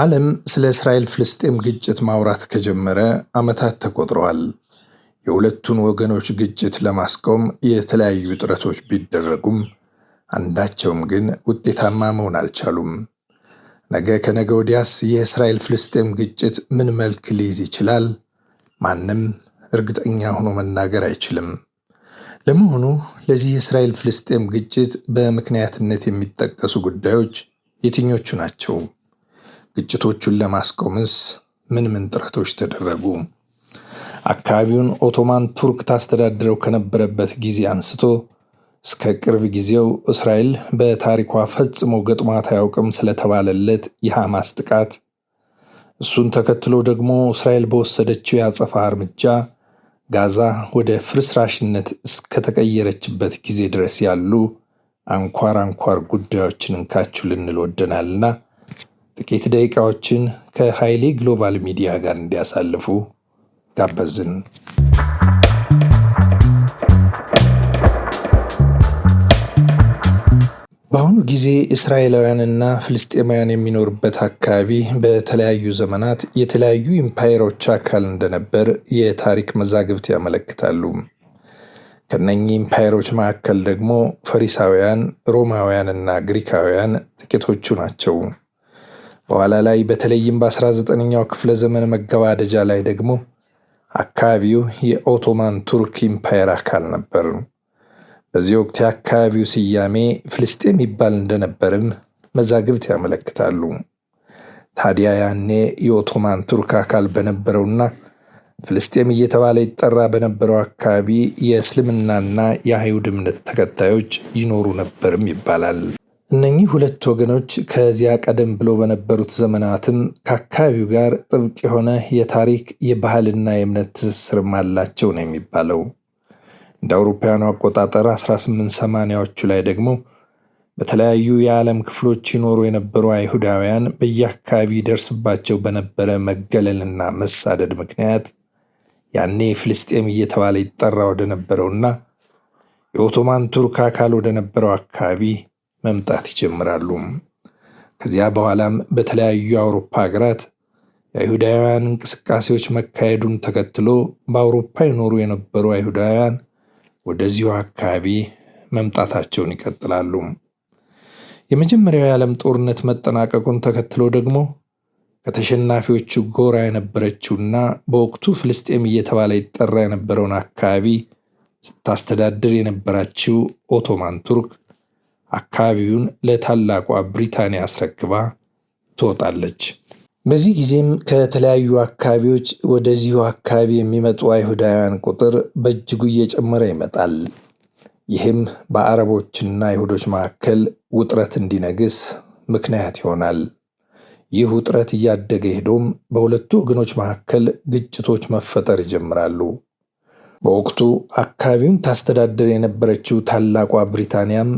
ዓለም ስለ እስራኤል ፍልስጤም ግጭት ማውራት ከጀመረ ዓመታት ተቆጥረዋል። የሁለቱን ወገኖች ግጭት ለማስቆም የተለያዩ ጥረቶች ቢደረጉም አንዳቸውም ግን ውጤታማ መሆን አልቻሉም። ነገ ከነገ ወዲያስ የእስራኤል ፍልስጤም ግጭት ምን መልክ ሊይዝ ይችላል? ማንም እርግጠኛ ሆኖ መናገር አይችልም። ለመሆኑ ለዚህ የእስራኤል ፍልስጤም ግጭት በምክንያትነት የሚጠቀሱ ጉዳዮች የትኞቹ ናቸው? ግጭቶቹን ለማስቆምስ ምን ምን ጥረቶች ተደረጉ? አካባቢውን ኦቶማን ቱርክ ታስተዳድረው ከነበረበት ጊዜ አንስቶ እስከ ቅርብ ጊዜው እስራኤል በታሪኳ ፈጽሞ ገጥሟት አያውቅም ስለተባለለት የሐማስ ጥቃት እሱን ተከትሎ ደግሞ እስራኤል በወሰደችው የአጸፋ እርምጃ ጋዛ ወደ ፍርስራሽነት እስከተቀየረችበት ጊዜ ድረስ ያሉ አንኳር አንኳር ጉዳዮችን እንካችሁ ልንል ወደናልና ጥቂት ደቂቃዎችን ከሃይሌ ግሎባል ሚዲያ ጋር እንዲያሳልፉ ጋበዝን። በአሁኑ ጊዜ እስራኤላውያንና ፍልስጤማውያን የሚኖሩበት አካባቢ በተለያዩ ዘመናት የተለያዩ ኢምፓየሮች አካል እንደነበር የታሪክ መዛግብት ያመለክታሉ። ከነኚህ ኢምፓየሮች መካከል ደግሞ ፈሪሳውያን፣ ሮማውያንና ግሪካውያን ጥቂቶቹ ናቸው። በኋላ ላይ በተለይም በ19ኛው ክፍለ ዘመን መገባደጃ ላይ ደግሞ አካባቢው የኦቶማን ቱርክ ኢምፓየር አካል ነበር። በዚህ ወቅት የአካባቢው ስያሜ ፍልስጤም ይባል እንደነበርም መዛግብት ያመለክታሉ። ታዲያ ያኔ የኦቶማን ቱርክ አካል በነበረውና ፍልስጤም እየተባለ ይጠራ በነበረው አካባቢ የእስልምናና የአይሁድ እምነት ተከታዮች ይኖሩ ነበርም ይባላል። እነኚህ ሁለት ወገኖች ከዚያ ቀደም ብሎ በነበሩት ዘመናትም ከአካባቢው ጋር ጥብቅ የሆነ የታሪክ የባህልና የእምነት ትስስርም አላቸው ነው የሚባለው። እንደ አውሮፓውያኑ አቆጣጠር 1880ዎቹ ላይ ደግሞ በተለያዩ የዓለም ክፍሎች ይኖሩ የነበሩ አይሁዳውያን በየአካባቢ ይደርስባቸው በነበረ መገለልና መሳደድ ምክንያት ያኔ ፍልስጤም እየተባለ ይጠራ ወደነበረውና የኦቶማን ቱርክ አካል ወደነበረው አካባቢ መምጣት ይጀምራሉ። ከዚያ በኋላም በተለያዩ የአውሮፓ ሀገራት የአይሁዳውያን እንቅስቃሴዎች መካሄዱን ተከትሎ በአውሮፓ ይኖሩ የነበሩ አይሁዳውያን ወደዚሁ አካባቢ መምጣታቸውን ይቀጥላሉ። የመጀመሪያው የዓለም ጦርነት መጠናቀቁን ተከትሎ ደግሞ ከተሸናፊዎቹ ጎራ የነበረችውና በወቅቱ ፍልስጤም እየተባለ ይጠራ የነበረውን አካባቢ ስታስተዳድር የነበራችው ኦቶማን ቱርክ አካባቢውን ለታላቋ ብሪታንያ አስረክባ ትወጣለች። በዚህ ጊዜም ከተለያዩ አካባቢዎች ወደዚሁ አካባቢ የሚመጡ አይሁዳውያን ቁጥር በእጅጉ እየጨመረ ይመጣል። ይህም በአረቦችና አይሁዶች መካከል ውጥረት እንዲነግስ ምክንያት ይሆናል። ይህ ውጥረት እያደገ ሄዶም በሁለቱ ወገኖች መካከል ግጭቶች መፈጠር ይጀምራሉ። በወቅቱ አካባቢውን ታስተዳድር የነበረችው ታላቋ ብሪታንያም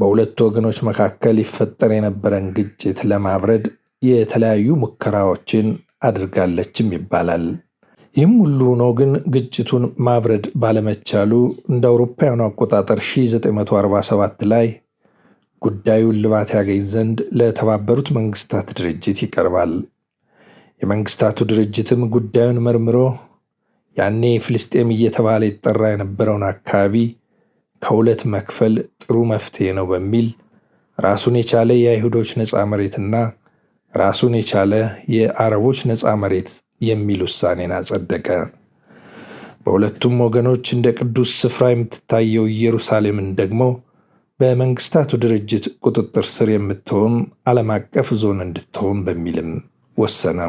በሁለቱ ወገኖች መካከል ይፈጠር የነበረን ግጭት ለማብረድ የተለያዩ ሙከራዎችን አድርጋለችም ይባላል። ይህም ሁሉ ሆኖ ግን ግጭቱን ማብረድ ባለመቻሉ እንደ አውሮፓውያኑ አቆጣጠር 1947 ላይ ጉዳዩን ልባት ያገኝ ዘንድ ለተባበሩት መንግስታት ድርጅት ይቀርባል። የመንግስታቱ ድርጅትም ጉዳዩን መርምሮ ያኔ ፍልስጤም እየተባለ ይጠራ የነበረውን አካባቢ ከሁለት መክፈል ጥሩ መፍትሄ ነው በሚል ራሱን የቻለ የአይሁዶች ነፃ መሬትና ራሱን የቻለ የአረቦች ነፃ መሬት የሚል ውሳኔን አጸደቀ። በሁለቱም ወገኖች እንደ ቅዱስ ስፍራ የምትታየው ኢየሩሳሌምን ደግሞ በመንግስታቱ ድርጅት ቁጥጥር ስር የምትሆን ዓለም አቀፍ ዞን እንድትሆን በሚልም ወሰነ።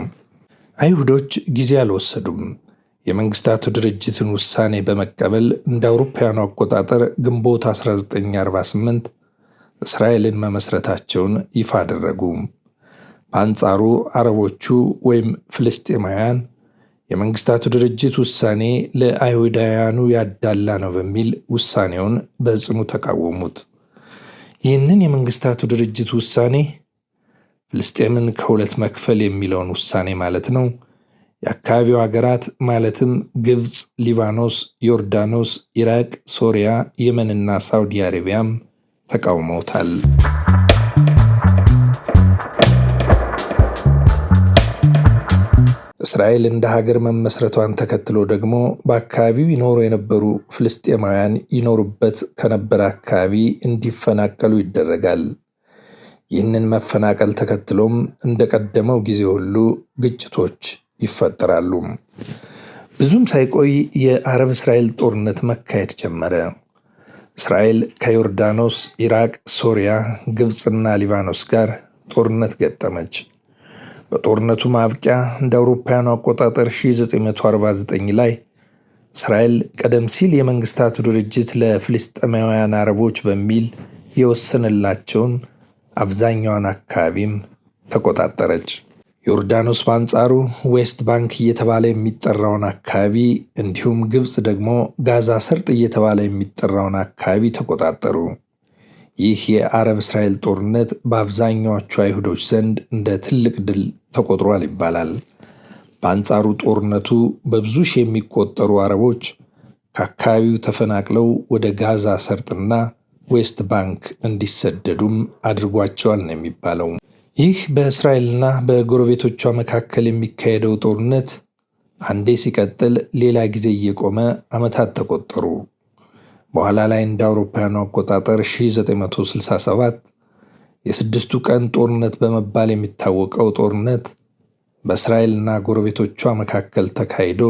አይሁዶች ጊዜ አልወሰዱም። የመንግስታቱ ድርጅትን ውሳኔ በመቀበል እንደ አውሮፓውያኑ አቆጣጠር ግንቦት 1948 እስራኤልን መመስረታቸውን ይፋ አደረጉ። በአንጻሩ አረቦቹ ወይም ፍልስጤማውያን የመንግስታቱ ድርጅት ውሳኔ ለአይሁዳውያኑ ያዳላ ነው በሚል ውሳኔውን በጽኑ ተቃወሙት። ይህንን የመንግስታቱ ድርጅት ውሳኔ ፍልስጤምን ከሁለት መክፈል የሚለውን ውሳኔ ማለት ነው የአካባቢው ሀገራት ማለትም ግብፅ፣ ሊባኖስ፣ ዮርዳኖስ፣ ኢራቅ፣ ሶሪያ፣ የመንና ሳውዲ አረቢያም ተቃውመውታል። እስራኤል እንደ ሀገር መመስረቷን ተከትሎ ደግሞ በአካባቢው ይኖሩ የነበሩ ፍልስጤማውያን ይኖሩበት ከነበረ አካባቢ እንዲፈናቀሉ ይደረጋል። ይህንን መፈናቀል ተከትሎም እንደቀደመው ጊዜ ሁሉ ግጭቶች ይፈጠራሉ። ብዙም ሳይቆይ የአረብ እስራኤል ጦርነት መካሄድ ጀመረ። እስራኤል ከዮርዳኖስ፣ ኢራቅ፣ ሶሪያ፣ ግብፅና ሊባኖስ ጋር ጦርነት ገጠመች። በጦርነቱ ማብቂያ እንደ አውሮፓውያኑ አቆጣጠር 1949 ላይ እስራኤል ቀደም ሲል የመንግስታቱ ድርጅት ለፍልስጤማውያን አረቦች በሚል የወሰነላቸውን አብዛኛዋን አካባቢም ተቆጣጠረች። ዮርዳኖስ በአንጻሩ ዌስት ባንክ እየተባለ የሚጠራውን አካባቢ እንዲሁም ግብፅ ደግሞ ጋዛ ሰርጥ እየተባለ የሚጠራውን አካባቢ ተቆጣጠሩ። ይህ የአረብ እስራኤል ጦርነት በአብዛኛዎቹ አይሁዶች ዘንድ እንደ ትልቅ ድል ተቆጥሯል ይባላል። በአንጻሩ ጦርነቱ በብዙ ሺህ የሚቆጠሩ አረቦች ከአካባቢው ተፈናቅለው ወደ ጋዛ ሰርጥና ዌስት ባንክ እንዲሰደዱም አድርጓቸዋል ነው የሚባለው። ይህ በእስራኤልና በጎረቤቶቿ መካከል የሚካሄደው ጦርነት አንዴ ሲቀጥል ሌላ ጊዜ እየቆመ ዓመታት ተቆጠሩ። በኋላ ላይ እንደ አውሮፓውያኑ አቆጣጠር 1967 የስድስቱ ቀን ጦርነት በመባል የሚታወቀው ጦርነት በእስራኤልና ጎረቤቶቿ መካከል ተካሂዶ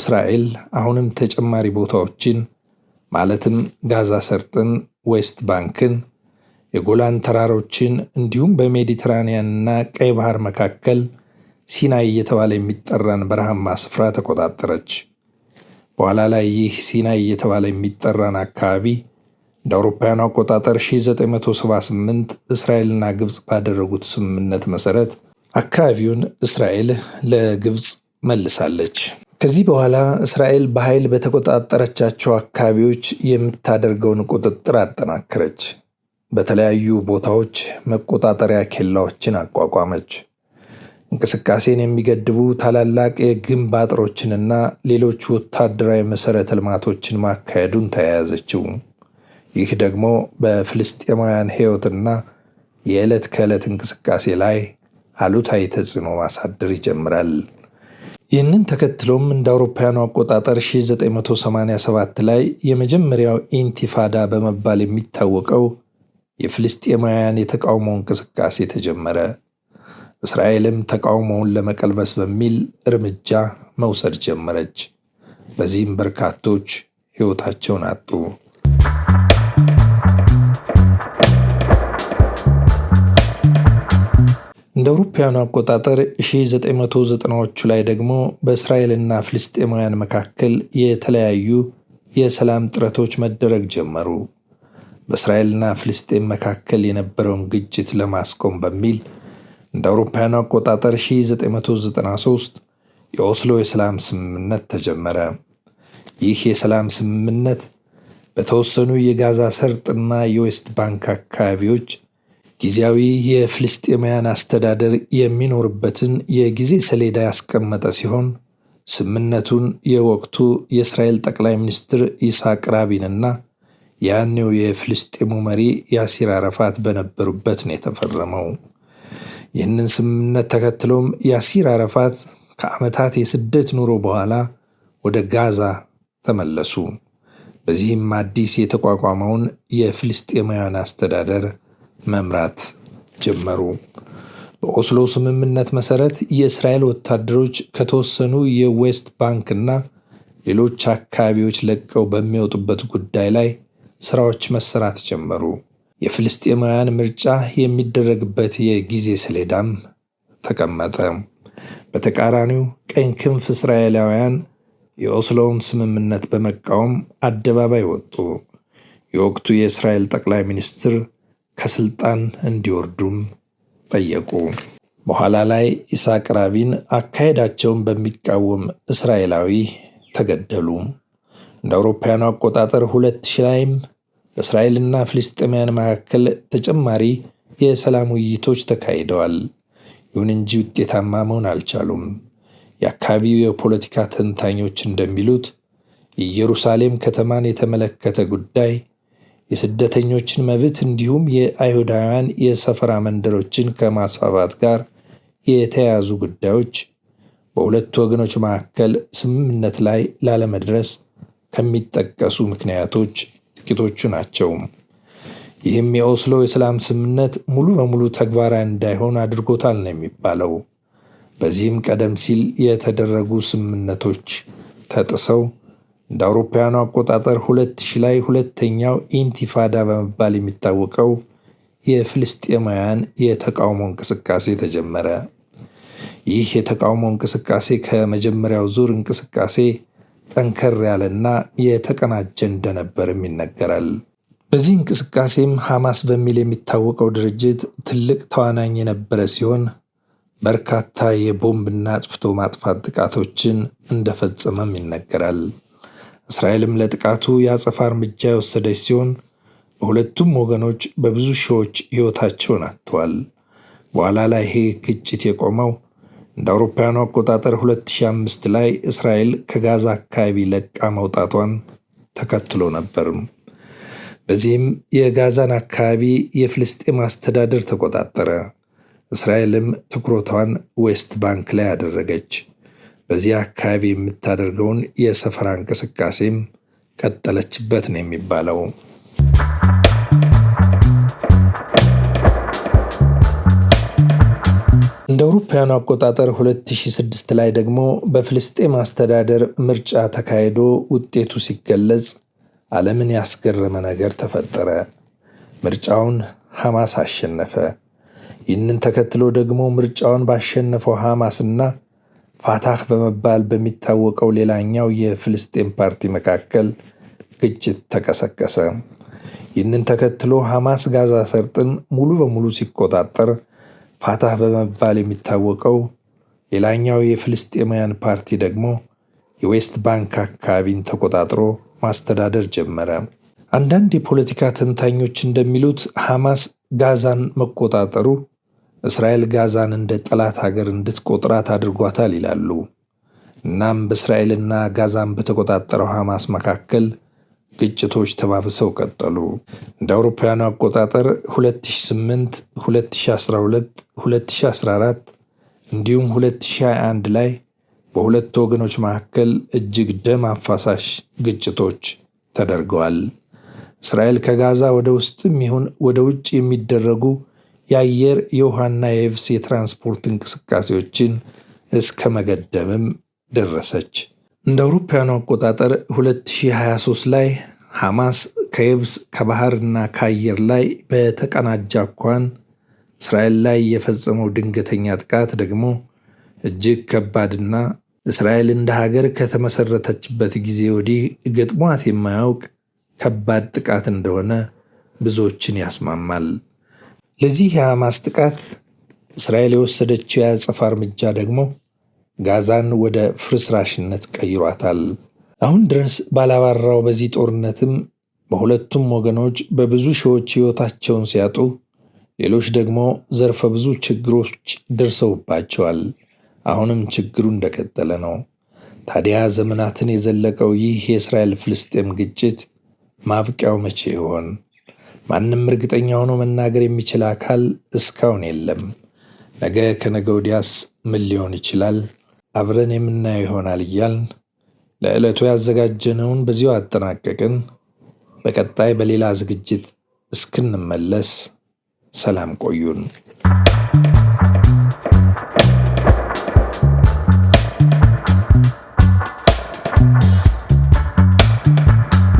እስራኤል አሁንም ተጨማሪ ቦታዎችን ማለትም ጋዛ ሰርጥን፣ ዌስት ባንክን የጎላን ተራሮችን እንዲሁም ና ቀይ ባህር መካከል ሲናይ እየተባለ የሚጠራን በረሃማ ስፍራ ተቆጣጠረች። በኋላ ላይ ይህ ሲናይ እየተባለ የሚጠራን አካባቢ እንደ አውሮፓውያኑ አቆጣጠር 1978 እስራኤልና ግብፅ ባደረጉት ስምምነት መሰረት አካባቢውን እስራኤል ለግብፅ መልሳለች። ከዚህ በኋላ እስራኤል በኃይል በተቆጣጠረቻቸው አካባቢዎች የምታደርገውን ቁጥጥር አጠናከረች። በተለያዩ ቦታዎች መቆጣጠሪያ ኬላዎችን አቋቋመች። እንቅስቃሴን የሚገድቡ ታላላቅ የግንብ አጥሮችንና ሌሎች ወታደራዊ መሠረተ ልማቶችን ማካሄዱን ተያያዘችው። ይህ ደግሞ በፍልስጤማውያን ሕይወትና የዕለት ከዕለት እንቅስቃሴ ላይ አሉታዊ ተጽዕኖ ማሳደር ይጀምራል። ይህንን ተከትሎም እንደ አውሮፓውያኑ አቆጣጠር 1987 ላይ የመጀመሪያው ኢንቲፋዳ በመባል የሚታወቀው የፍልስጤማውያን የተቃውሞ እንቅስቃሴ ተጀመረ። እስራኤልም ተቃውሞውን ለመቀልበስ በሚል እርምጃ መውሰድ ጀመረች። በዚህም በርካቶች ሕይወታቸውን አጡ። እንደ አውሮፓውያኑ አቆጣጠር 1990ዎቹ ላይ ደግሞ በእስራኤልና ፍልስጤማውያን መካከል የተለያዩ የሰላም ጥረቶች መደረግ ጀመሩ። በእስራኤልና ፍልስጤም መካከል የነበረውን ግጭት ለማስቆም በሚል እንደ አውሮፓውያኑ አቆጣጠር 1993 የኦስሎ የሰላም ስምምነት ተጀመረ። ይህ የሰላም ስምምነት በተወሰኑ የጋዛ ሰርጥና የዌስት ባንክ አካባቢዎች ጊዜያዊ የፍልስጤማውያን አስተዳደር የሚኖርበትን የጊዜ ሰሌዳ ያስቀመጠ ሲሆን ስምምነቱን የወቅቱ የእስራኤል ጠቅላይ ሚኒስትር ይስሐቅ ራቢንና ያኔው የፍልስጤሙ መሪ ያሲር አረፋት በነበሩበት ነው የተፈረመው። ይህንን ስምምነት ተከትሎም ያሲር አረፋት ከዓመታት የስደት ኑሮ በኋላ ወደ ጋዛ ተመለሱ። በዚህም አዲስ የተቋቋመውን የፍልስጤማውያን አስተዳደር መምራት ጀመሩ። በኦስሎ ስምምነት መሰረት የእስራኤል ወታደሮች ከተወሰኑ የዌስት ባንክ እና ሌሎች አካባቢዎች ለቀው በሚወጡበት ጉዳይ ላይ ስራዎች መሰራት ጀመሩ። የፍልስጤማውያን ምርጫ የሚደረግበት የጊዜ ሰሌዳም ተቀመጠ። በተቃራኒው ቀኝ ክንፍ እስራኤላውያን የኦስሎውን ስምምነት በመቃወም አደባባይ ወጡ። የወቅቱ የእስራኤል ጠቅላይ ሚኒስትር ከስልጣን እንዲወርዱም ጠየቁ። በኋላ ላይ ኢሳቅ ራቢን አካሄዳቸውን በሚቃወም እስራኤላዊ ተገደሉ። እንደ አውሮፓውያኑ አቆጣጠር ሁለት ሺህ ላይም በእስራኤልና ፍልስጤማውያን መካከል ተጨማሪ የሰላም ውይይቶች ተካሂደዋል። ይሁን እንጂ ውጤታማ መሆን አልቻሉም። የአካባቢው የፖለቲካ ተንታኞች እንደሚሉት የኢየሩሳሌም ከተማን የተመለከተ ጉዳይ የስደተኞችን መብት እንዲሁም የአይሁዳውያን የሰፈራ መንደሮችን ከማስፋፋት ጋር የተያያዙ ጉዳዮች በሁለቱ ወገኖች መካከል ስምምነት ላይ ላለመድረስ ከሚጠቀሱ ምክንያቶች ጥቂቶቹ ናቸው። ይህም የኦስሎ የሰላም ስምምነት ሙሉ በሙሉ ተግባራዊ እንዳይሆን አድርጎታል ነው የሚባለው። በዚህም ቀደም ሲል የተደረጉ ስምምነቶች ተጥሰው እንደ አውሮፓውያኑ አቆጣጠር 2000 ላይ ሁለተኛው ኢንቲፋዳ በመባል የሚታወቀው የፍልስጤማውያን የተቃውሞ እንቅስቃሴ ተጀመረ። ይህ የተቃውሞ እንቅስቃሴ ከመጀመሪያው ዙር እንቅስቃሴ ጠንከር ያለና የተቀናጀ እንደነበርም ይነገራል። በዚህ እንቅስቃሴም ሐማስ በሚል የሚታወቀው ድርጅት ትልቅ ተዋናኝ የነበረ ሲሆን በርካታ የቦምብና አጥፍቶ ማጥፋት ጥቃቶችን እንደፈጸመም ይነገራል። እስራኤልም ለጥቃቱ የአጸፋ እርምጃ የወሰደች ሲሆን በሁለቱም ወገኖች በብዙ ሺዎች ሕይወታቸውን አጥተዋል። በኋላ ላይ ይሄ ግጭት የቆመው እንደ አውሮፓውያኑ አቆጣጠር 2005 ላይ እስራኤል ከጋዛ አካባቢ ለቃ መውጣቷን ተከትሎ ነበር። በዚህም የጋዛን አካባቢ የፍልስጤም አስተዳደር ተቆጣጠረ። እስራኤልም ትኩረቷን ዌስት ባንክ ላይ አደረገች። በዚህ አካባቢ የምታደርገውን የሰፈራ እንቅስቃሴም ቀጠለችበት ነው የሚባለው። እንደ አውሮፓውያኑ አቆጣጠር 2006 ላይ ደግሞ በፍልስጤም አስተዳደር ምርጫ ተካሂዶ ውጤቱ ሲገለጽ ዓለምን ያስገረመ ነገር ተፈጠረ። ምርጫውን ሐማስ አሸነፈ። ይህንን ተከትሎ ደግሞ ምርጫውን ባሸነፈው ሐማስና ፋታህ በመባል በሚታወቀው ሌላኛው የፍልስጤም ፓርቲ መካከል ግጭት ተቀሰቀሰ። ይህንን ተከትሎ ሐማስ ጋዛ ሰርጥን ሙሉ በሙሉ ሲቆጣጠር ፋታህ በመባል የሚታወቀው ሌላኛው የፍልስጤማውያን ፓርቲ ደግሞ የዌስት ባንክ አካባቢን ተቆጣጥሮ ማስተዳደር ጀመረ። አንዳንድ የፖለቲካ ተንታኞች እንደሚሉት ሐማስ ጋዛን መቆጣጠሩ እስራኤል ጋዛን እንደ ጠላት ሀገር እንድትቆጥራት አድርጓታል ይላሉ። እናም በእስራኤልና ጋዛን በተቆጣጠረው ሐማስ መካከል ግጭቶች ተባብሰው ቀጠሉ። እንደ አውሮፓውያኑ አቆጣጠር 2008፣ 2012፣ 2014 እንዲሁም 2021 ላይ በሁለቱ ወገኖች መካከል እጅግ ደም አፋሳሽ ግጭቶች ተደርገዋል። እስራኤል ከጋዛ ወደ ውስጥም ይሁን ወደ ውጭ የሚደረጉ የአየር የውሃና የየብስ የትራንስፖርት እንቅስቃሴዎችን እስከ መገደምም ደረሰች። እንደ አውሮፓውያኑ አቆጣጠር 2023 ላይ ሐማስ ከየብስ ከባህርና ከአየር ላይ በተቀናጀ አኳኋን እስራኤል ላይ የፈጸመው ድንገተኛ ጥቃት ደግሞ እጅግ ከባድና እስራኤል እንደ ሀገር ከተመሰረተችበት ጊዜ ወዲህ ገጥሟት የማያውቅ ከባድ ጥቃት እንደሆነ ብዙዎችን ያስማማል። ለዚህ የሐማስ ጥቃት እስራኤል የወሰደችው የአጸፋ እርምጃ ደግሞ ጋዛን ወደ ፍርስራሽነት ቀይሯታል። አሁን ድረስ ባላባራው በዚህ ጦርነትም በሁለቱም ወገኖች በብዙ ሺዎች ሕይወታቸውን ሲያጡ፣ ሌሎች ደግሞ ዘርፈ ብዙ ችግሮች ደርሰውባቸዋል። አሁንም ችግሩ እንደቀጠለ ነው። ታዲያ ዘመናትን የዘለቀው ይህ የእስራኤል ፍልስጤም ግጭት ማብቂያው መቼ ይሆን? ማንም እርግጠኛ ሆኖ መናገር የሚችል አካል እስካሁን የለም። ነገ ከነገ ወዲያስ ምን ሊሆን ይችላል? አብረን የምናየው ይሆናል እያልን ለዕለቱ ያዘጋጀነውን በዚሁ አጠናቀቅን። በቀጣይ በሌላ ዝግጅት እስክንመለስ ሰላም ቆዩን።